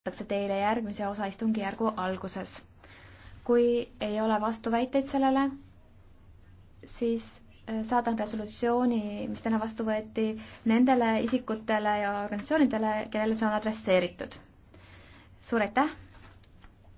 antakse teile järgmise osa istungijärgu alguses. kui ei ole vastuväiteid sellele, siis äh, saadan resolutsiooni, mis täna vastu võeti, nendele isikutele ja organisatsioonidele, kellele see on adresseeritud. suur aitäh!